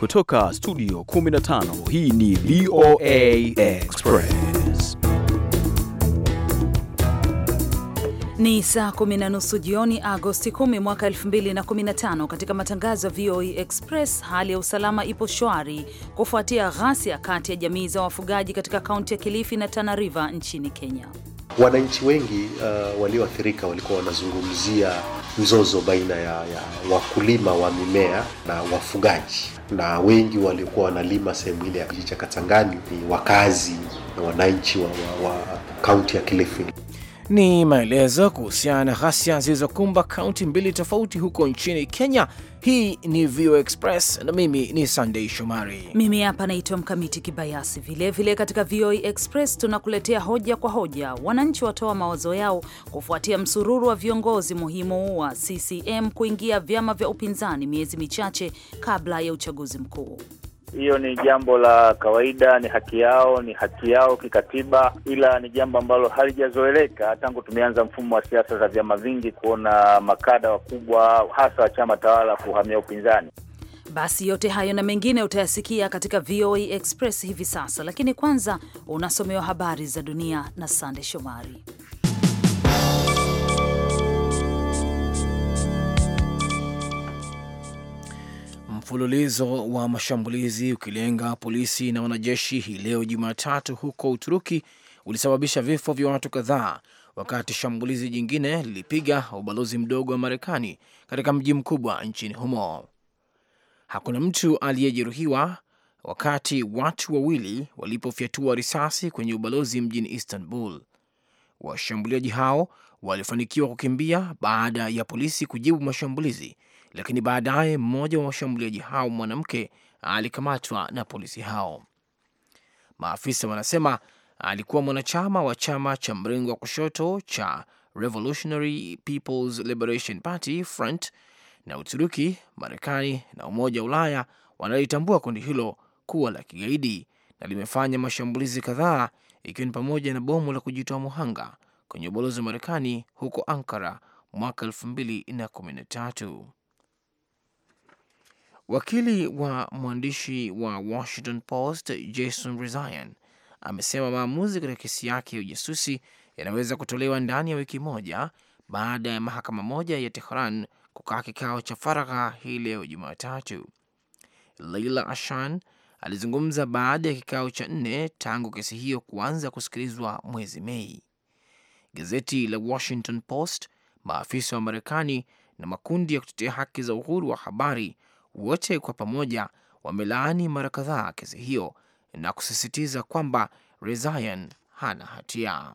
Kutoka studio 15 hii ni VOA Express. Ni saa kumi na nusu jioni Agosti 10 mwaka 2015. Katika matangazo ya VOA Express, hali ya usalama ipo shwari kufuatia ghasia kati ya jamii za wafugaji katika kaunti ya Kilifi na Tana River nchini Kenya. Wananchi wengi uh, walioathirika walikuwa wanazungumzia mzozo baina ya, ya wakulima wa mimea na wafugaji, na wengi waliokuwa wanalima sehemu ile ya kijiji cha Katangani ni wakazi na wananchi wa kaunti wa, kaunti ya Kilifi. Ni maelezo kuhusiana na ghasia zilizokumba kaunti mbili tofauti huko nchini Kenya hii ni VOA Express na mimi ni Sandei Shomari. Mimi hapa naitwa Mkamiti Kibayasi. Vilevile vile katika VOA Express tunakuletea hoja kwa hoja. Wananchi watoa mawazo yao kufuatia msururu wa viongozi muhimu wa CCM kuingia vyama vya upinzani miezi michache kabla ya uchaguzi mkuu. Hiyo ni jambo la kawaida, ni haki yao, ni haki yao kikatiba, ila ni jambo ambalo halijazoeleka tangu tumeanza mfumo wa siasa za vyama vingi, kuona makada wakubwa hasa wa chama tawala kuhamia upinzani. Basi yote hayo na mengine utayasikia katika VOA Express hivi sasa, lakini kwanza unasomewa habari za dunia na Sande Shomari. Mfululizo wa mashambulizi ukilenga polisi na wanajeshi hii leo Jumatatu huko Uturuki ulisababisha vifo vya watu kadhaa, wakati shambulizi jingine lilipiga ubalozi mdogo wa Marekani katika mji mkubwa nchini humo. Hakuna mtu aliyejeruhiwa wakati watu wawili walipofyatua risasi kwenye ubalozi mjini Istanbul. Washambuliaji hao walifanikiwa kukimbia baada ya polisi kujibu mashambulizi lakini baadaye mmoja wa washambuliaji hao mwanamke alikamatwa na polisi hao. Maafisa wanasema alikuwa mwanachama wa chama cha mrengo wa kushoto cha Revolutionary People's Liberation Party Front, na Uturuki, Marekani na Umoja wa Ulaya wanalitambua kundi hilo kuwa la kigaidi na limefanya mashambulizi kadhaa ikiwa ni pamoja na bomu la kujitoa muhanga kwenye ubalozi wa Marekani huko Ankara mwaka 2013. Wakili wa mwandishi wa Washington Post Jason Rezaian amesema maamuzi katika kesi yake ya ujasusi yanaweza kutolewa ndani ya wiki moja baada ya mahakama moja ya Tehran kukaa kikao cha faragha hii leo Jumatatu. Leila Ashan alizungumza baada ya kikao cha nne tangu kesi hiyo kuanza kusikilizwa mwezi Mei. Gazeti la Washington Post, maafisa wa Marekani na makundi ya kutetea haki za uhuru wa habari wote kwa pamoja wamelaani mara kadhaa kesi hiyo na kusisitiza kwamba Rezaian hana hatia.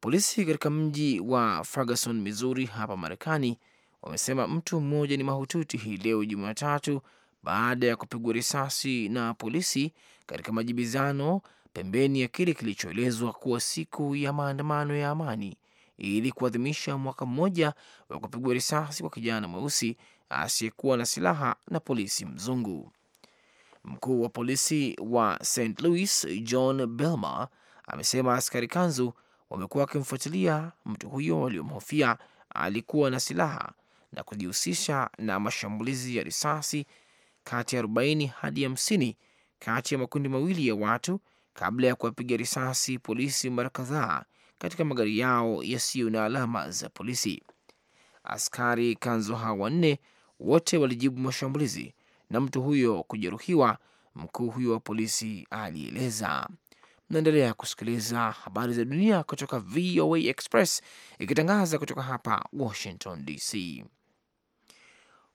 Polisi katika mji wa Ferguson, Missouri, hapa Marekani wamesema mtu mmoja ni mahututi hii leo Jumatatu baada ya kupigwa risasi na polisi katika majibizano pembeni ya kile kilichoelezwa kuwa siku ya maandamano ya amani ili kuadhimisha mwaka mmoja wa kupigwa risasi kwa kijana mweusi asiyekuwa na silaha na polisi mzungu. Mkuu wa polisi wa St Louis John Belmar amesema askari kanzu wamekuwa wakimfuatilia mtu huyo waliomhofia alikuwa na silaha na kujihusisha na mashambulizi ya risasi kati ya 40 hadi 50 kati ya makundi mawili ya watu kabla ya kuwapiga risasi polisi mara kadhaa katika magari yao yasiyo na alama za polisi. Askari kanzu hawa wanne wote walijibu mashambulizi na mtu huyo kujeruhiwa, mkuu huyo wa polisi alieleza. Mnaendelea kusikiliza habari za dunia kutoka VOA Express ikitangaza kutoka hapa Washington DC.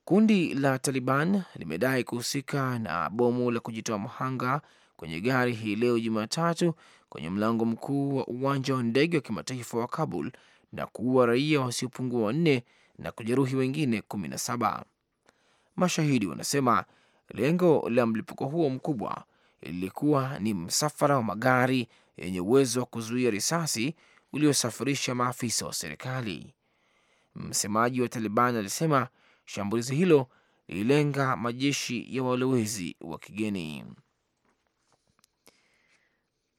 Kundi la Taliban limedai kuhusika na bomu la kujitoa mhanga kwenye gari hii leo Jumatatu kwenye mlango mkuu wa uwanja wa ndege wa kimataifa wa Kabul na kuua raia wasiopungua wanne na kujeruhi wengine kumi na saba. Mashahidi wanasema lengo la mlipuko huo mkubwa lilikuwa ni msafara wa magari yenye uwezo wa kuzuia risasi uliosafirisha maafisa wa serikali. Msemaji wa Taliban alisema shambulizi hilo lililenga majeshi ya walowezi wa kigeni.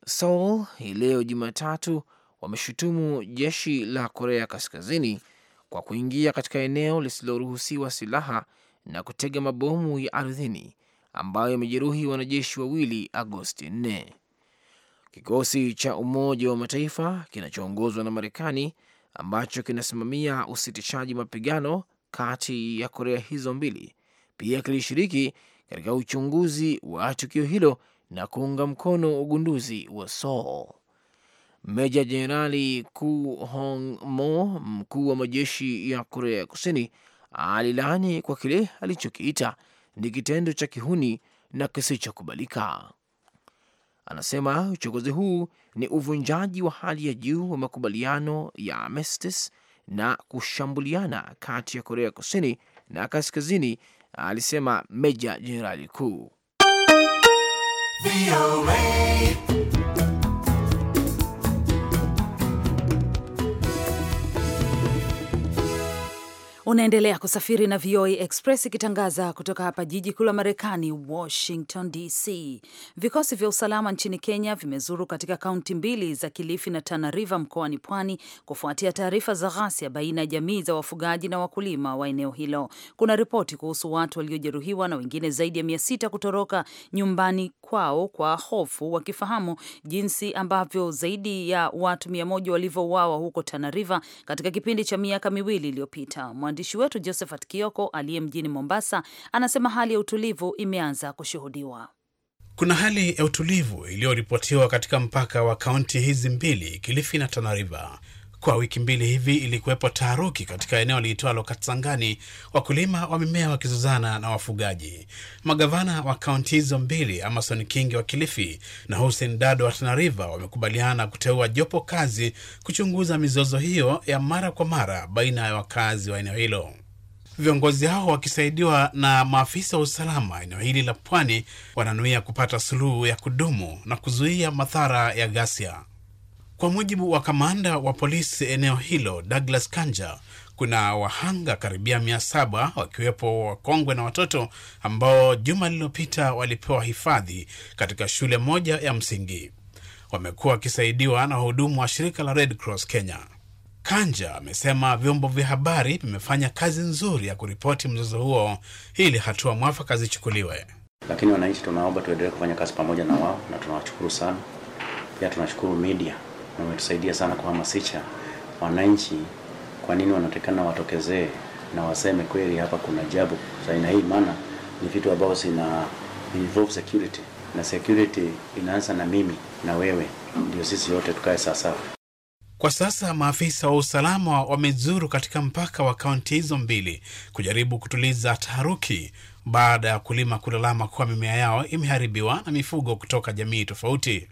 Seoul hii leo Jumatatu wameshutumu jeshi la Korea Kaskazini kwa kuingia katika eneo lisiloruhusiwa silaha na kutega mabomu ya ardhini ambayo yamejeruhi wanajeshi wawili Agosti 4. Kikosi cha Umoja wa Mataifa kinachoongozwa na Marekani ambacho kinasimamia usitishaji mapigano kati ya Korea hizo mbili pia kilishiriki katika uchunguzi wa tukio hilo na kuunga mkono ugunduzi wa Seoul. Meja Jenerali Ku Hong Mo, mkuu wa majeshi ya Korea ya Kusini, alilaani kwa kile alichokiita ni kitendo cha kihuni na kisichokubalika. Anasema uchokozi huu ni uvunjaji wa hali ya juu wa makubaliano ya Armistice na kushambuliana kati ya Korea Kusini na Kaskazini, alisema Meja Jenerali Kuu. Unaendelea kusafiri na VOA Express ikitangaza kutoka hapa jiji kuu la Marekani, Washington DC. Vikosi vya usalama nchini Kenya vimezuru katika kaunti mbili za Kilifi na Tana River mkoani Pwani kufuatia taarifa za ghasia baina ya jamii za wafugaji na wakulima wa eneo hilo. Kuna ripoti kuhusu watu waliojeruhiwa na wengine zaidi ya mia sita kutoroka nyumbani kwao kwa hofu, wakifahamu jinsi ambavyo zaidi ya watu mia moja walivyouawa huko Tana River katika kipindi cha miaka miwili iliyopita. Mwandishi wetu Josephat Kioko aliye mjini Mombasa anasema hali ya utulivu imeanza kushuhudiwa. Kuna hali ya utulivu iliyoripotiwa katika mpaka wa kaunti hizi mbili, Kilifi na Tana River. Kwa wiki mbili hivi ilikuwepo taharuki katika eneo liitwalo Katsangani, wakulima wa mimea wakizozana na wafugaji. Magavana wa kaunti hizo mbili, Amason Kingi wa Kilifi na Hussein Dado wa Tana River, wamekubaliana kuteua jopo kazi kuchunguza mizozo hiyo ya mara kwa mara baina ya wakazi wa eneo hilo. Viongozi hao wakisaidiwa na maafisa wa usalama eneo hili la pwani wananuia kupata suluhu ya kudumu na kuzuia madhara ya ghasia. Kwa mujibu wa kamanda wa polisi eneo hilo Douglas Kanja, kuna wahanga karibia mia saba wakiwepo wakongwe na watoto ambao juma lililopita walipewa hifadhi katika shule moja ya msingi. Wamekuwa wakisaidiwa na wahudumu wa shirika la Red Cross Kenya. Kanja amesema vyombo vya habari vimefanya kazi nzuri ya kuripoti mzozo huo ili hatua mwafaka zichukuliwe. Lakini wananchi, tunaomba tuendelee kufanya kazi pamoja na wao, na tunawashukuru sana. Pia tunashukuru media na umetusaidia sana kuhamasisha wananchi kwa nini wanatakana watokezee na waseme kweli hapa kuna jabu za aina hii, maana ni vitu ambavyo zina involve security na security inaanza na mimi na wewe, ndio sisi wote tukae sawasawa. Kwa sasa maafisa wa usalama wamezuru katika mpaka wa kaunti hizo mbili kujaribu kutuliza taharuki baada ya kulima kulalama kuwa mimea yao imeharibiwa na mifugo kutoka jamii tofauti.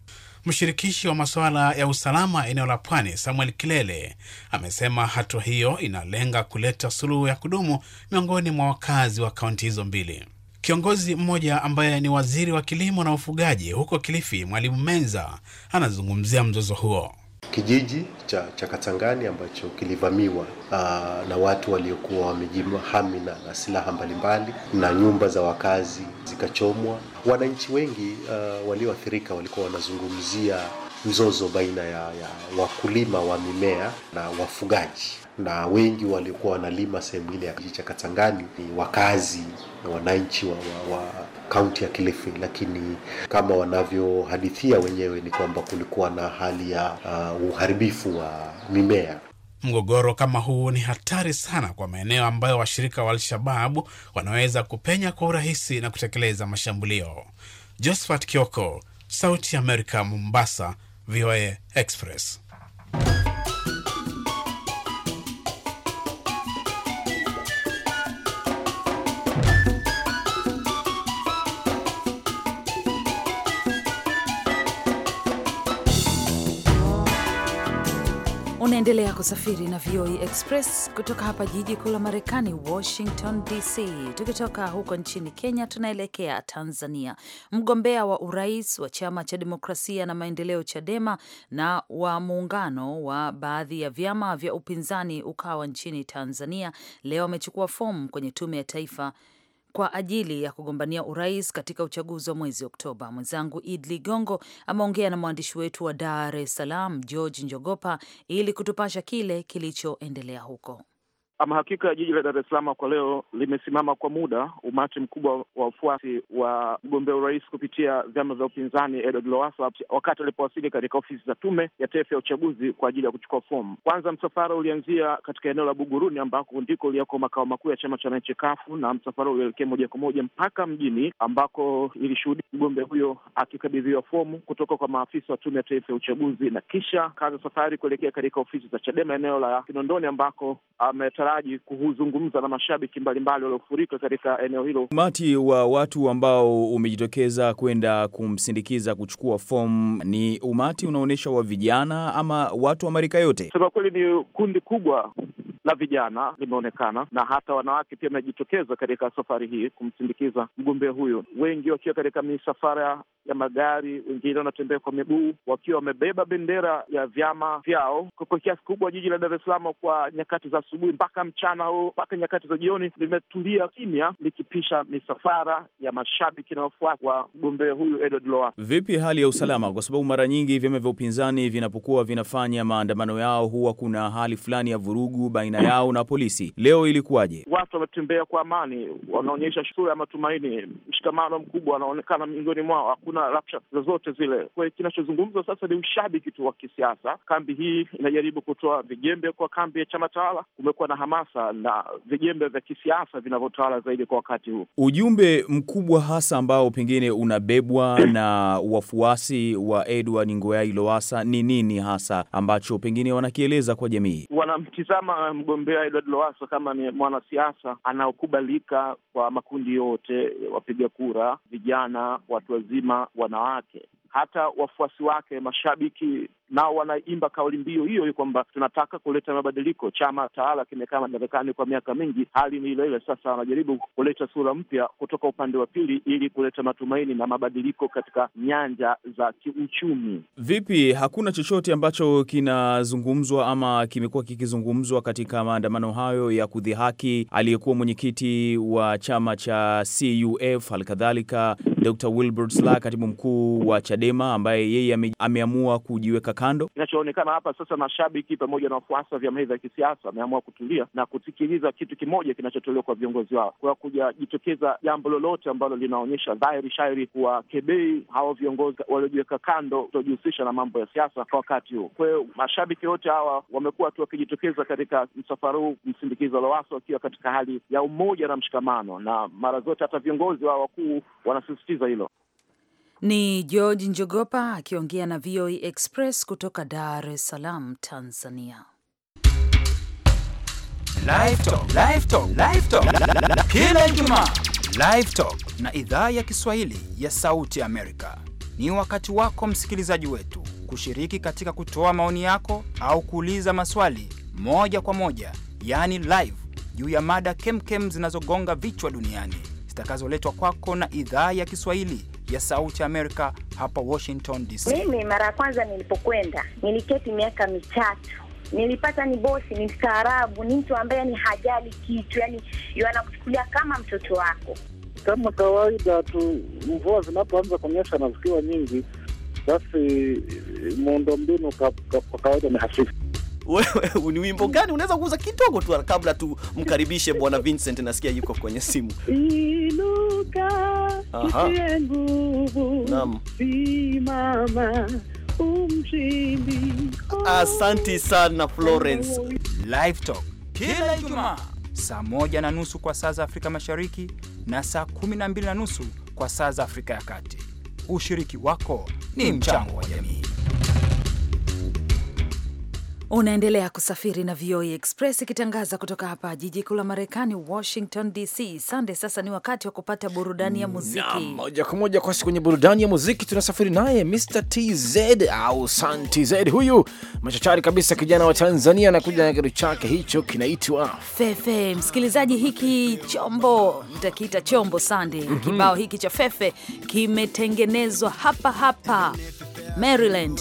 Mshirikishi wa masuala ya usalama eneo la Pwani, Samuel Kilele, amesema hatua hiyo inalenga kuleta suluhu ya kudumu miongoni mwa wakazi wa kaunti hizo mbili. Kiongozi mmoja ambaye ni waziri wa kilimo na ufugaji huko Kilifi, Mwalimu Menza, anazungumzia mzozo huo kijiji cha, cha Katangani ambacho kilivamiwa aa, ah, na watu waliokuwa wamejihami na, na silaha mbalimbali na nyumba za wakazi zikachomwa. Wananchi wengi ah, walioathirika walikuwa wanazungumzia mzozo baina ya, ya wakulima wa mimea na wafugaji na wengi waliokuwa wanalima sehemu ile ya kijiji cha Katangani ni wakazi na wananchi wa, wa, wa kaunti ya Kilifi, lakini kama wanavyohadithia wenyewe ni kwamba kulikuwa na hali ya uh, uharibifu wa mimea. Mgogoro kama huu ni hatari sana kwa maeneo ambayo washirika wa alshababu wanaweza kupenya kwa urahisi na kutekeleza mashambulio. Josephat Kioko, Sauti ya Amerika, Mombasa, VOA Express. Unaendelea kusafiri na VOA e Express kutoka hapa jiji kuu la Marekani, Washington DC. Tukitoka huko nchini Kenya, tunaelekea Tanzania. Mgombea wa urais wa chama cha demokrasia na maendeleo CHADEMA na wa muungano wa baadhi ya vyama vya upinzani UKAWA nchini Tanzania leo amechukua fomu kwenye tume ya taifa kwa ajili ya kugombania urais katika uchaguzi wa mwezi Oktoba. Mwenzangu Id Ligongo ameongea na mwandishi wetu wa Dar es Salaam George Njogopa ili kutupasha kile kilichoendelea huko. Ama hakika jiji la Dar es Salaam kwa leo limesimama kwa muda. Umati mkubwa wa wafuasi wa mgombea urais kupitia vyama vya upinzani Edward Lowassa wakati alipowasili katika ofisi za Tume ya Taifa ya Uchaguzi kwa ajili ya kuchukua fomu. Kwanza msafara ulianzia katika eneo la Buguruni ambako ndiko uliyoko makao makuu ya chama cha wananchi kafu, na msafara ulielekea moja kwa moja mpaka mjini ambako ilishuhudia mgombea huyo akikabidhiwa fomu kutoka kwa maafisa wa Tume ya Taifa ya Uchaguzi, na kisha kaza safari kuelekea katika ofisi za Chadema eneo la Kinondoni ambako ame wataraji kuzungumza na mashabiki mbalimbali waliofurika katika eneo hilo. Umati wa watu ambao umejitokeza kwenda kumsindikiza kuchukua fomu ni umati unaonyesha wa vijana ama watu wa marika yote? Sema kweli ni kundi kubwa la vijana limeonekana na hata wanawake pia wamejitokeza katika safari hii kumsindikiza mgombea huyo, wengi wakiwa katika misafara ya magari, wengine wanatembea kwa miguu wakiwa wamebeba bendera ya vyama vyao. Kwa kiasi kubwa jiji la Dar es Salaam kwa nyakati za asubuhi mpaka mchana huu mpaka nyakati za jioni limetulia kimya, likipisha misafara ya mashabiki na wafuasi wa mgombea huyu Edward Lowassa. Vipi hali ya usalama? Kwa sababu mara nyingi vyama vya upinzani vinapokuwa vinafanya maandamano yao huwa kuna hali fulani ya vurugu baina baina yao na polisi. Leo ilikuwaje? Watu wametembea kwa amani, wanaonyesha sura ya matumaini, mshikamano mkubwa wanaonekana miongoni mwao, hakuna rabsha zozote zile. Kwa kinachozungumzwa sasa ni ushabiki tu wa kisiasa. Kambi hii inajaribu kutoa vijembe kwa kambi ya chama tawala. Kumekuwa na hamasa na vijembe vya kisiasa vinavyotawala zaidi kwa wakati huu. Ujumbe mkubwa hasa ambao pengine unabebwa na wafuasi wa Edward Ngoyai lowasa ni nini hasa ambacho pengine wanakieleza kwa jamii? Wanamtizama mgombea Edward Lowassa kama ni mwanasiasa anaokubalika kwa makundi yote, wapiga kura, vijana, watu wazima, wanawake, hata wafuasi wake, mashabiki nao wanaimba kauli mbiu hiyo hiyo kwamba tunataka kuleta mabadiliko. Chama tawala kimekaa madarakani kwa miaka mingi, hali ni ile ile. Sasa wanajaribu kuleta sura mpya kutoka upande wa pili ili kuleta matumaini na mabadiliko katika nyanja za kiuchumi. Vipi, hakuna chochote ambacho kinazungumzwa ama kimekuwa kikizungumzwa katika maandamano hayo ya kudhihaki aliyekuwa mwenyekiti wa chama cha CUF, halikadhalika Dr. Wilbert Slaa, katibu mkuu wa Chadema, ambaye yeye ame, ameamua kujiweka kando? Kinachoonekana hapa sasa, mashabiki pamoja na wafuasi wa vyama hivi vya kisiasa wameamua kutulia na kusikiliza kitu kimoja kinachotolewa kwa viongozi wao, kwa kujajitokeza jambo lolote ambalo linaonyesha dhahiri shairi kuwa kebei hao viongozi waliojiweka kando kutojihusisha na mambo ya siasa kwa wakati huu. Kwa hiyo mashabiki wote hawa wamekuwa tu wakijitokeza katika msafara huu kumsindikiza Lowassa wakiwa katika hali ya umoja na mshikamano, na mara zote hata viongozi wao wakuu wanasisitiza hilo. Ni George Njogopa akiongea na VOA e Express kutoka Dar es Salaam, Tanzania. Kila Ijumaa Live Talk na idhaa ya Kiswahili ya Sauti Amerika ni wakati wako msikilizaji wetu kushiriki katika kutoa maoni yako au kuuliza maswali moja kwa moja, yaani live, juu ya mada kemkem zinazogonga vichwa duniani zitakazoletwa kwako na idhaa ya Kiswahili ya Sauti Amerika hapa Washington DC. Mimi mara ya kwanza nilipokwenda niliketi miaka mitatu nilipata ni bosi, ni mstaarabu, ni mtu ambaye ni hajali kitu, yani anakuchukulia kama mtoto wako. Kama kawaida tu, mvua zinapoanza kunyesha na zikiwa nyingi, basi eh, muundombinu kwa kawaida ni hafifu wewe ni wimbo gani unaweza kuuza kidogo tu kabla tumkaribishe bwana Vincent, nasikia yuko kwenye simu. Inuka utie nguvu, simama umshindi. Asanti sana Florence. Live Talk kila Ijumaa saa moja na nusu kwa saa za Afrika Mashariki na saa kumi na mbili na nusu kwa saa za Afrika ya Kati. Ushiriki wako ni mchango wa jamii. Unaendelea kusafiri na VOA e Express ikitangaza kutoka hapa jiji kuu la Marekani, Washington DC. Sande, sasa ni wakati wa kupata burudani ya muziki na, moja kwa moja kwasi kwenye burudani ya muziki tunasafiri naye Mr TZ au San TZ. Huyu machachari kabisa, kijana wa Tanzania, anakuja na kitu chake hicho kinaitwa Fefe. Msikilizaji, hiki chombo mtakiita chombo Sande. mm -hmm. Kibao hiki cha Fefe kimetengenezwa hapa hapa Maryland.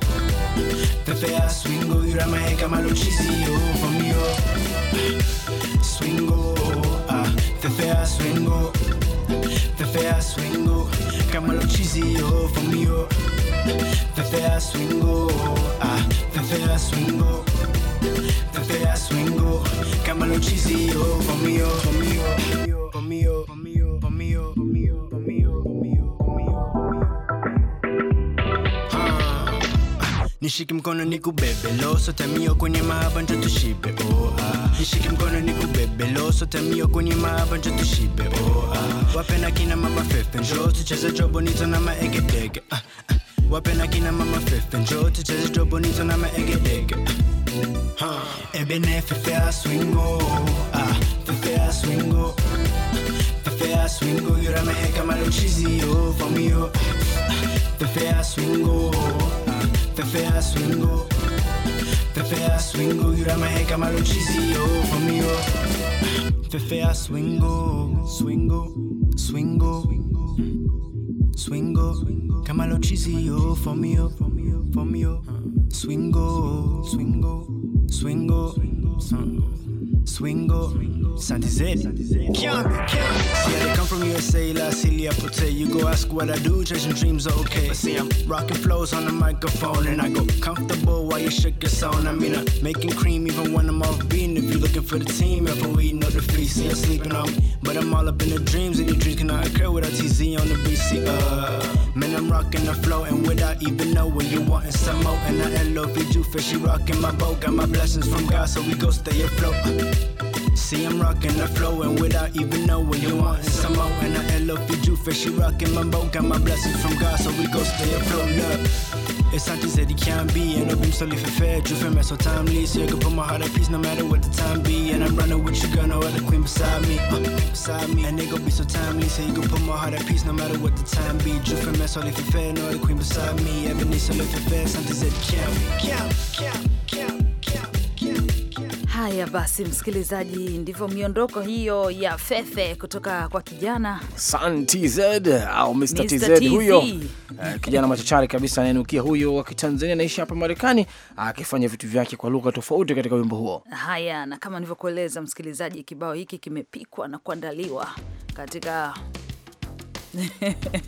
fea swingo, diurama y for conmigo. Swingo, ah, fea swingo, fea swingo, camaluchisio conmigo. fea swingo, ah, fea swingo, fea swingo, camaluchisio conmigo, conmigo, conmigo, conmigo. nishike mkono nikubebe lo sote mio kwenye maaba njo tushibe oa nishike mkono nikubebe lo sote mio kwenye maaba njo tushibe ah. wapena kina mama fefe njo tucheze jobo nito na maegedege ah, ah. wapena kina mama fefe njo tucheze jobo nito na maegedege ah. huh. ebene a swingo ah, a swingo fefea swingo Yura mehe yurameheka malochisio vomio ah. fefea swingo ah, TCA swingo, TCA swingo, yuramae kamalo chisio conmigo. TCA swingo, swingo, swingo, swingo, kamalo chisio for me, for me, for me. Swingo, swingo, swingo, swingo, swingo. swingo. Santi Z. Yeah, they come from USA, La Cilia Pote. You go ask what I do, chasing dreams are okay. But see, I'm rocking flows on the microphone, and I go comfortable while you shake your sound. I mean, I'm making cream even when I'm off beating. If you're looking for the team, if I'm waiting up the feet, see, I'm sleeping on me. But I'm all up in the dreams, and your dreams cannot occur without TZ on the BC. Uh, man, I'm rocking the flow, and without even knowing you wanting some more. And I love you, fish, she rocking my boat. Got my blessings from God, so we go stay afloat. Uh, See, I'm rocking the flow and without even knowing you want some more. And I love you, you she rocking my boat. Got my blessings from God, so we go stay afloat. Look, it's something that he can't be. And I've been slowly for fair, you feel so timely. So you can put my heart at peace no matter what the time be. And I'm running with you, girl, no other queen beside me. Uh, beside me. And they gon' be so timely. So you can put my heart at peace no matter what the time be. You feel me so live fair, no other queen beside me. Ebony, so live fair, something that he can't be. Can't, can't. Haya basi, msikilizaji, ndivyo miondoko hiyo ya Fefe kutoka kwa kijana San TZ au Mr. Mr. TZ, huyo uh, kijana machachari kabisa anayenukia huyo wa Kitanzania anaishi hapa Marekani akifanya uh, vitu vyake kwa lugha tofauti katika wimbo huo. Haya, na kama nilivyokueleza msikilizaji, kibao hiki kimepikwa na kuandaliwa katika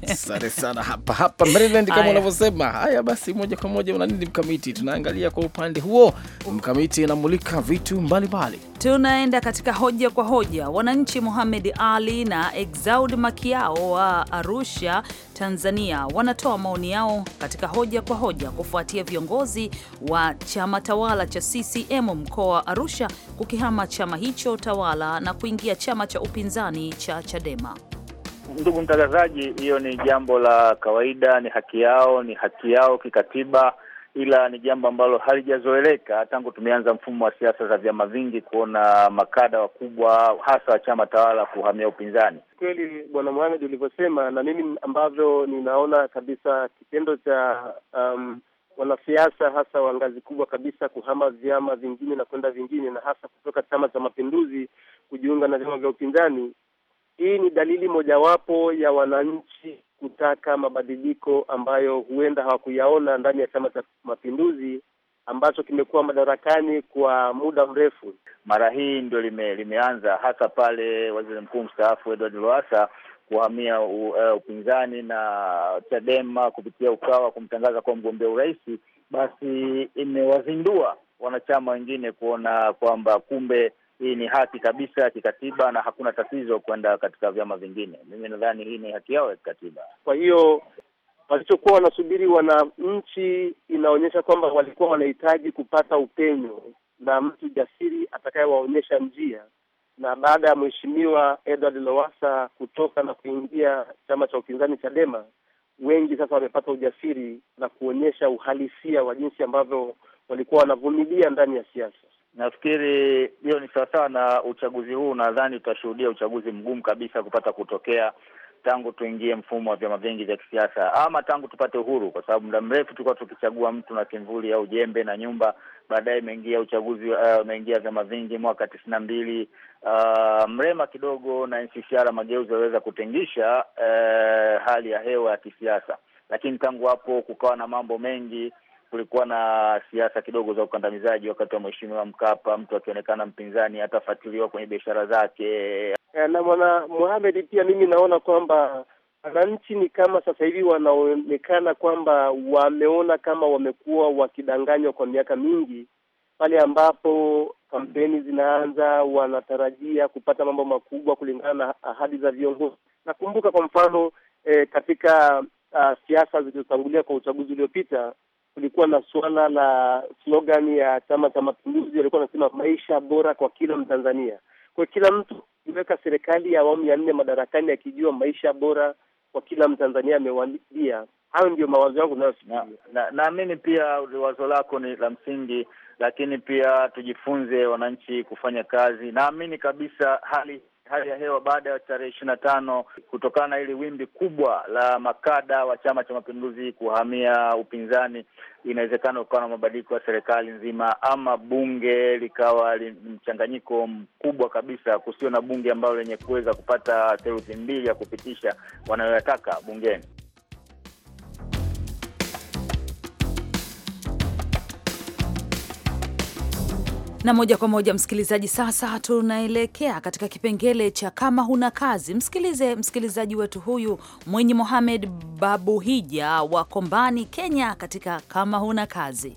Asante sana hapa hapa Maryland kama unavyosema. Haya basi, moja kwa moja una nini mkamiti? Tunaangalia kwa upande huo, mkamiti inamulika vitu mbalimbali. Tunaenda katika hoja kwa hoja. Wananchi Mohamed Ali na Exaud Makiao wa Arusha, Tanzania wanatoa maoni yao katika hoja kwa hoja kufuatia viongozi wa chama tawala cha CCM mkoa wa Arusha kukihama chama hicho tawala na kuingia chama cha upinzani cha Chadema ndugu mtangazaji, hiyo ni jambo la kawaida, ni haki yao, ni haki yao kikatiba, ila ni jambo ambalo halijazoeleka tangu tumeanza mfumo wa siasa za vyama vingi, kuona makada wakubwa hasa wa chama tawala kuhamia upinzani. Kweli bwana Mohamed ulivyosema, na mimi ambavyo ninaona kabisa kitendo cha um, wanasiasa hasa wa ngazi kubwa kabisa kuhama vyama vingine na kwenda vingine, na hasa kutoka Chama cha Mapinduzi kujiunga na vyama vya upinzani hii ni dalili mojawapo ya wananchi kutaka mabadiliko ambayo huenda hawakuyaona ndani ya Chama cha Mapinduzi ambacho kimekuwa madarakani kwa muda mrefu. Mara hii ndio lime, limeanza hasa pale waziri mkuu mstaafu Edward Lowassa kuhamia eh, upinzani na Chadema kupitia Ukawa kumtangaza kuwa mgombea urais, basi imewazindua wanachama wengine kuona kwamba kumbe hii ni haki kabisa ya kikatiba na hakuna tatizo kwenda katika vyama vingine. Mimi nadhani hii ni haki yao ya kikatiba. Kwa hiyo walichokuwa wanasubiri wananchi, inaonyesha kwamba walikuwa wanahitaji kupata upenyo na mtu jasiri atakayewaonyesha njia. Na baada ya mheshimiwa Edward Lowassa kutoka na kuingia chama cha upinzani Chadema, wengi sasa wamepata ujasiri na kuonyesha uhalisia wa jinsi ambavyo walikuwa wanavumilia ndani ya siasa. Nafikiri hiyo ni sawasawa na uchaguzi huu. Nadhani utashuhudia uchaguzi mgumu kabisa kupata kutokea tangu tuingie mfumo wa vyama vingi vya kisiasa ama tangu tupate uhuru, kwa sababu muda mrefu tulikuwa tukichagua mtu na kimvuli au jembe na nyumba. Baadaye imeingia uchaguzi, umeingia uh, vyama vingi mwaka tisini na mbili uh, Mrema kidogo na NCCR Mageuzi waliweza kutengisha uh, hali ya hewa ya kisiasa, lakini tangu hapo kukawa na mambo mengi kulikuwa na siasa kidogo za ukandamizaji wakati wa Mheshimiwa Mkapa, mtu akionekana mpinzani atafatiliwa kwenye biashara zake. E, na Bwana Mohamed, pia mimi naona kwamba wananchi ni kama sasa hivi wanaonekana kwamba wameona kama wamekuwa wakidanganywa kwa miaka mingi. Pale ambapo kampeni zinaanza, wanatarajia kupata mambo makubwa kulingana na ahadi za viongozi. Nakumbuka kwa mfano eh, katika uh, siasa zilizotangulia kwa uchaguzi uliopita kulikuwa na suala la slogan ya Chama cha Mapinduzi, walikuwa wanasema maisha bora kwa kila Mtanzania. Kwa kila mtu iweka serikali ya awamu ya nne madarakani akijua maisha bora kwa kila Mtanzania amewadia. Hayo ndio mawazo yangu naamini na na pia wazo lako ni la msingi, lakini pia tujifunze wananchi kufanya kazi. Naamini kabisa hali hali ya hewa baada ya tarehe ishirini na tano kutokana na ili wimbi kubwa la makada wa Chama cha Mapinduzi kuhamia upinzani, inawezekana ukawa na mabadiliko ya serikali nzima, ama bunge likawa mchanganyiko mkubwa kabisa, kusio na bunge ambalo lenye kuweza kupata theluthi mbili ya kupitisha wanayoyataka bungeni. na moja kwa moja msikilizaji, sasa tunaelekea katika kipengele cha kama huna kazi. Msikilize msikilizaji wetu huyu Mwinyi Mohamed Babu Hija wa Kombani, Kenya, katika kama huna kazi.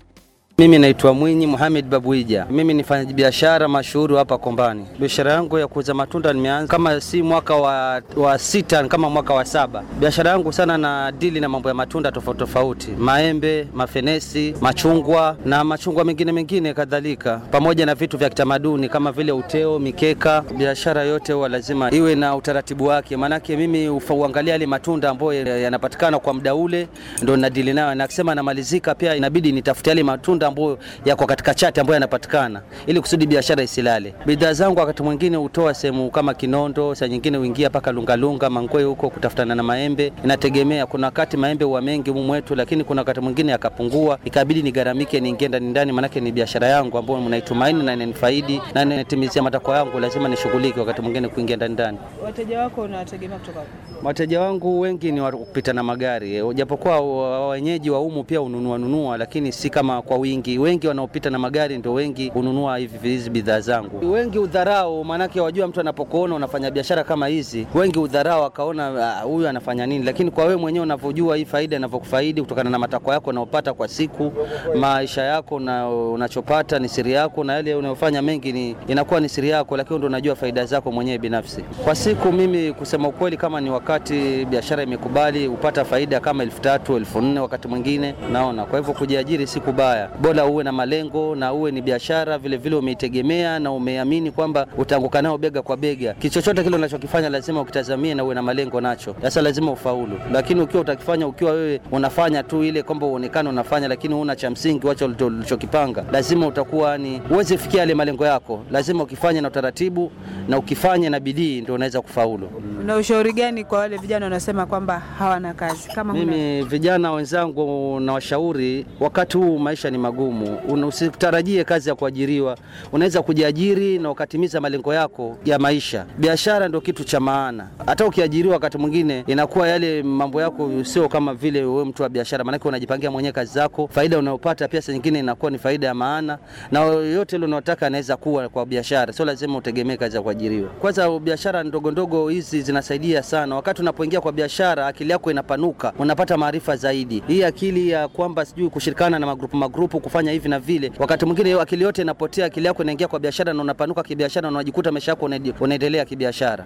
Mimi naitwa Mwinyi Muhamed Babuija. Mimi ni mfanya biashara mashuhuri hapa Kombani. Biashara yangu ya kuuza matunda nimeanza kama si mwaka wa, wa sita kama mwaka wa saba. Biashara yangu sana na dili na mambo ya matunda tofauti tofauti, maembe, mafenesi, machungwa na machungwa mengine mengine kadhalika, pamoja na vitu vya kitamaduni kama vile uteo, mikeka. Biashara yote huwa lazima iwe na utaratibu wake, maanake mimi uangalia yale matunda ambayo yanapatikana kwa muda ule, ndo nadili nayo, na akisema namalizika, pia inabidi nitafute yale matunda biashara ambayo yako katika chati ambayo yanapatikana, ili kusudi biashara isilale. Bidhaa zangu wakati mwingine hutoa sehemu kama Kinondo, saa nyingine huingia mpaka Lungalunga Mangwe huko kutafutana na maembe. Inategemea, kuna wakati maembe huwa mengi humu mwetu, lakini kuna wakati mwingine yakapungua, ikabidi nigaramike, niingie ndani ndani, maanake ni biashara yangu ambayo mnaitumaini na inanifaidi na inatimizia matakwa yangu, lazima nishughulike. Wakati mwingine kuingia ndani ndani. Wateja wako unawategemea kutoka Wateja wangu wengi ni wakupita na magari, japokuwa wenyeji wa humu pia ununua nunua, lakini si kama kwa wingi vingi. Wengi wanaopita na magari ndio wengi hununua hivi hizi bidhaa zangu. Wengi udharau, maanake wajua, mtu anapokuona unafanya biashara kama hizi, wengi udharau, akaona ah, huyu uh, anafanya nini, lakini kwa wewe mwenyewe unavyojua hii faida inavyokufaidi kutokana na matakwa yako unayopata kwa siku, maisha yako na unachopata ni siri yako, na yale unayofanya mengi ni inakuwa ni siri yako, lakini ndio unajua faida zako mwenyewe binafsi. Kwa siku mimi kusema ukweli, kama ni wakati biashara imekubali, upata faida kama elfu tatu elfu nne wakati mwingine naona. Kwa hivyo kujiajiri si kubaya bora uwe na malengo na uwe ni biashara vilevile umeitegemea na umeamini kwamba utaanguka nao bega kwa bega. Kichochote kile unachokifanya lazima ukitazamie na uwe na malengo nacho, sasa lazima ufaulu. Lakini ukiwa utakifanya ukiwa wewe unafanya tu ile kwamba uonekane unafanya, lakini una cha msingi wacho ulichokipanga, lazima utakuwa ni uweze fikia yale malengo yako. Lazima ukifanye na utaratibu na ukifanye na bidii, ndio unaweza kufaulu. Na ushauri gani kwa wale vijana wanasema kwamba hawana kazi? Kama mimi vijana wenzangu nawashauri, wakati huu maisha ni magu magumu. Usitarajie kazi ya kuajiriwa, unaweza kujiajiri na ukatimiza malengo yako ya maisha. Biashara ndio kitu cha maana. Hata ukiajiriwa, wakati mwingine inakuwa yale mambo yako sio kama vile wewe mtu wa biashara, maanake unajipangia mwenyewe kazi zako. Faida unayopata pia nyingine inakuwa ni faida ya maana, na yote ile unayotaka anaweza kuwa kwa biashara, sio lazima utegemee kazi ya kuajiriwa. Kwanza biashara ndogondogo hizi zinasaidia sana. Wakati unapoingia kwa biashara, akili yako inapanuka, unapata maarifa zaidi. Hii akili ya kwamba sijui kushirikana na magrupu magrupu hepu kufanya hivi na vile. Wakati mwingine hiyo akili yote inapotea, akili yako inaingia kwa biashara na unapanuka kibiashara, na unajikuta maisha yako unaendelea kibiashara.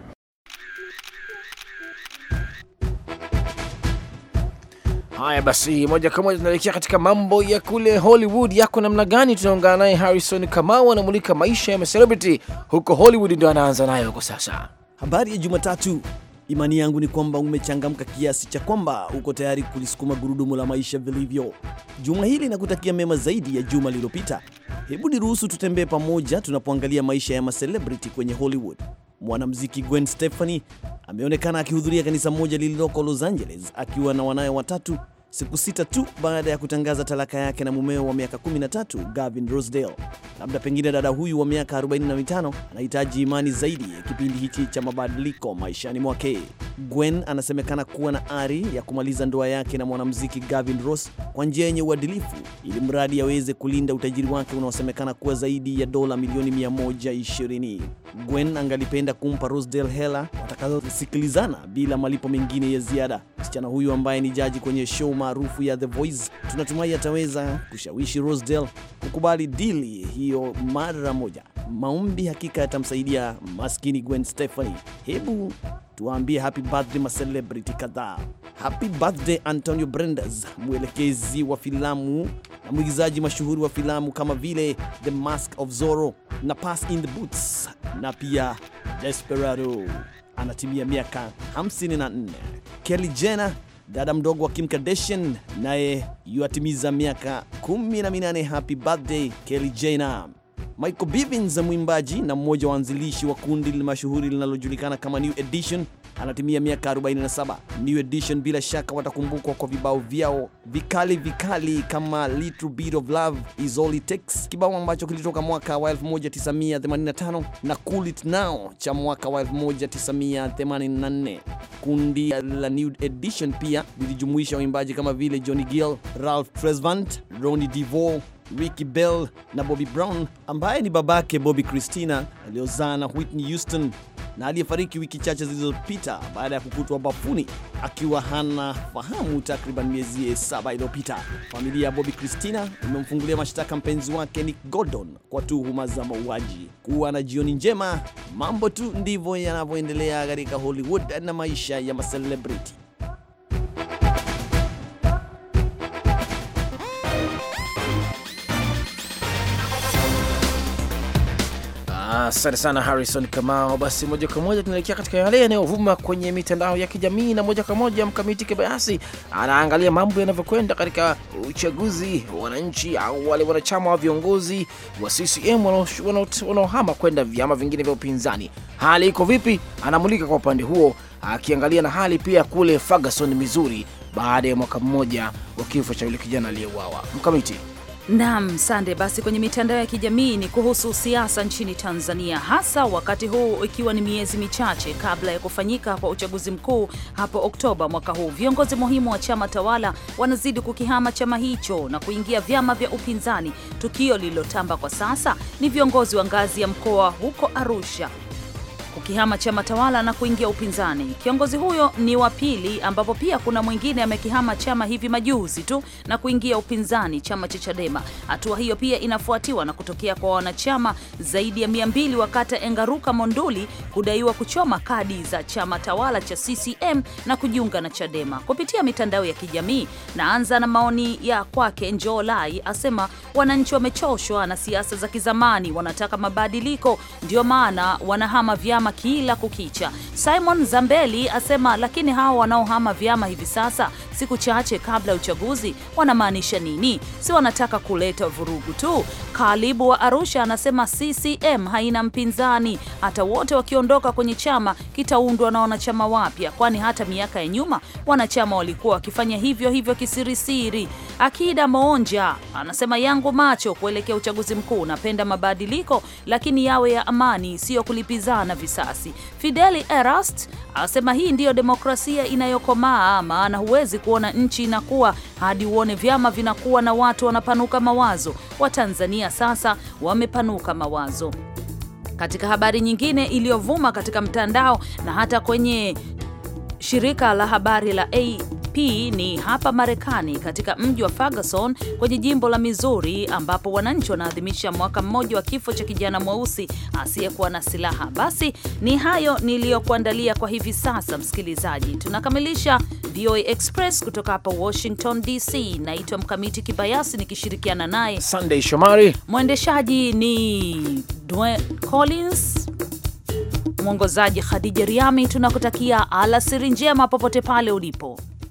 Haya basi, moja kwa moja tunaelekea katika mambo ya kule Hollywood. Yako namna gani? Tunaungana naye Harrison Kamau, anamulika maisha ya celebrity huko Hollywood, ndio anaanza nayo huko sasa. Habari ya Jumatatu Imani yangu ni kwamba umechangamka kiasi cha kwamba uko tayari kulisukuma gurudumu la maisha vilivyo. Juma hili nakutakia mema zaidi ya juma lililopita. Hebu niruhusu tutembee pamoja tunapoangalia maisha ya macelebrity kwenye Hollywood. Mwanamuziki Gwen Stefani ameonekana akihudhuria kanisa moja lililoko Los Angeles akiwa na wanawe watatu siku sita tu baada ya kutangaza talaka yake na mumeo wa miaka 13 Gavin Rosdale. Labda pengine dada huyu wa miaka 45 anahitaji imani zaidi ya kipindi hiki cha mabadiliko maishani mwake. Gwen anasemekana kuwa na ari ya kumaliza ndoa yake na mwanamuziki Gavin Ross kwa njia yenye uadilifu, ili mradi aweze kulinda utajiri wake unaosemekana kuwa zaidi ya dola milioni 120. Gwen angalipenda kumpa Rosdale hela watakazosikilizana bila malipo mengine ya ziada. Msichana huyu ambaye ni jaji kwenye show maarufu ya The Voice, tunatumai ataweza kushawishi Rosdell kukubali dili hiyo mara moja. Maombi hakika yatamsaidia maskini Gwen Stefani. Hebu tuwaambie happy birthday macelebrity kadhaa. Happy birthday Antonio Banderas, mwelekezi wa filamu na mwigizaji mashuhuri wa filamu kama vile The Mask of Zorro na Pass in the Boots na pia Desperado, anatimia miaka 54. Kelly Jenner Dada mdogo wa Kim Kardashian naye yuatimiza miaka 18. Happy birthday Kelly Jenner. Michael Bivins, mwimbaji na mmoja wa wanzilishi wa kundi mashuhuri linalojulikana kama New Edition anatimia miaka 47. New Edition bila shaka watakumbukwa kwa vibao vyao vikali vikali kama Little Bit of Love Is All It Takes, kibao ambacho kilitoka mwaka wa 1985 na Cool It Now cha mwaka wa 1984. Kundi la New Edition pia lilijumuisha waimbaji kama vile Johnny Gill, Ralph Tresvant, Ronnie DeVoe, Ricky Bell na Bobby Brown ambaye ni babake Bobby Christina aliyozaa na Whitney Houston na aliyefariki wiki chache zilizopita baada ya kukutwa bafuni akiwa hana fahamu takriban miezi saba iliyopita. Familia ya bobi Christina imemfungulia mashtaka mpenzi wake Nick Gordon kwa tuhuma za mauaji. Kuwa na jioni njema. Mambo tu ndivyo yanavyoendelea katika Hollywood na maisha ya macelebrity. Asante sana Harrison Kamao. Basi moja kwa moja tunaelekea katika yale yanayovuma kwenye mitandao ya kijamii, na moja kwa moja Mkamiti Kibayasi anaangalia mambo yanavyokwenda katika uchaguzi, wananchi au wale wanachama wa viongozi wa CCM wanaohama kwenda vyama vingine vya upinzani, hali iko vipi? Anamulika kwa upande huo, akiangalia na hali pia kule Ferguson, Missouri, baada ya mwaka mmoja wa kifo cha yule kijana aliyeuawa. Mkamiti Naam, sande. Basi kwenye mitandao ya kijamii ni kuhusu siasa nchini Tanzania, hasa wakati huu ikiwa ni miezi michache kabla ya kufanyika kwa uchaguzi mkuu hapo Oktoba mwaka huu. Viongozi muhimu wa chama tawala wanazidi kukihama chama hicho na kuingia vyama vya upinzani. Tukio lililotamba kwa sasa ni viongozi wa ngazi ya mkoa huko Arusha kukihama chama tawala na kuingia upinzani. Kiongozi huyo ni wa pili, ambapo pia kuna mwingine amekihama chama hivi majuzi tu na kuingia upinzani, chama cha Chadema. Hatua hiyo pia inafuatiwa na kutokea kwa wanachama zaidi ya mia mbili wa kata Engaruka Monduli kudaiwa kuchoma kadi za chama tawala cha CCM na kujiunga na Chadema kupitia mitandao ya kijamii. Naanza na maoni ya kwake Njolai, asema wananchi wamechoshwa na siasa za kizamani, wanataka mabadiliko, ndio maana wanahama vyama vyama kila kukicha. Simon Zambeli asema lakini hawa wanaohama vyama hivi sasa siku chache kabla ya uchaguzi wanamaanisha nini? Si wanataka kuleta vurugu tu? Kalibu wa Arusha anasema CCM haina mpinzani, hata wote wakiondoka kwenye chama kitaundwa na wanachama wapya, kwani hata miaka ya nyuma wanachama walikuwa wakifanya hivyo hivyo kisirisiri. Akida Moonja anasema yangu macho kuelekea uchaguzi mkuu, napenda mabadiliko lakini yawe ya amani, siyo kulipizana visi risasi. Fideli Erast asema hii ndiyo demokrasia inayokomaa, maana huwezi kuona nchi inakuwa hadi uone vyama vinakuwa na watu wanapanuka mawazo. Watanzania sasa wamepanuka mawazo. Katika habari nyingine iliyovuma katika mtandao na hata kwenye shirika la habari la P ni hapa Marekani, katika mji wa Ferguson kwenye jimbo la Missouri, ambapo wananchi wanaadhimisha mwaka mmoja wa kifo cha kijana mweusi asiyekuwa na silaha. Basi ni hayo niliyokuandalia kwa hivi sasa, msikilizaji. Tunakamilisha VOA Express kutoka hapa Washington DC. Naitwa Mkamiti Kibayasi nikishirikiana naye Sunday Shomari, mwendeshaji ni Dwayne Collins, mwongozaji Khadija Riami. Tunakutakia alasiri njema popote pale ulipo.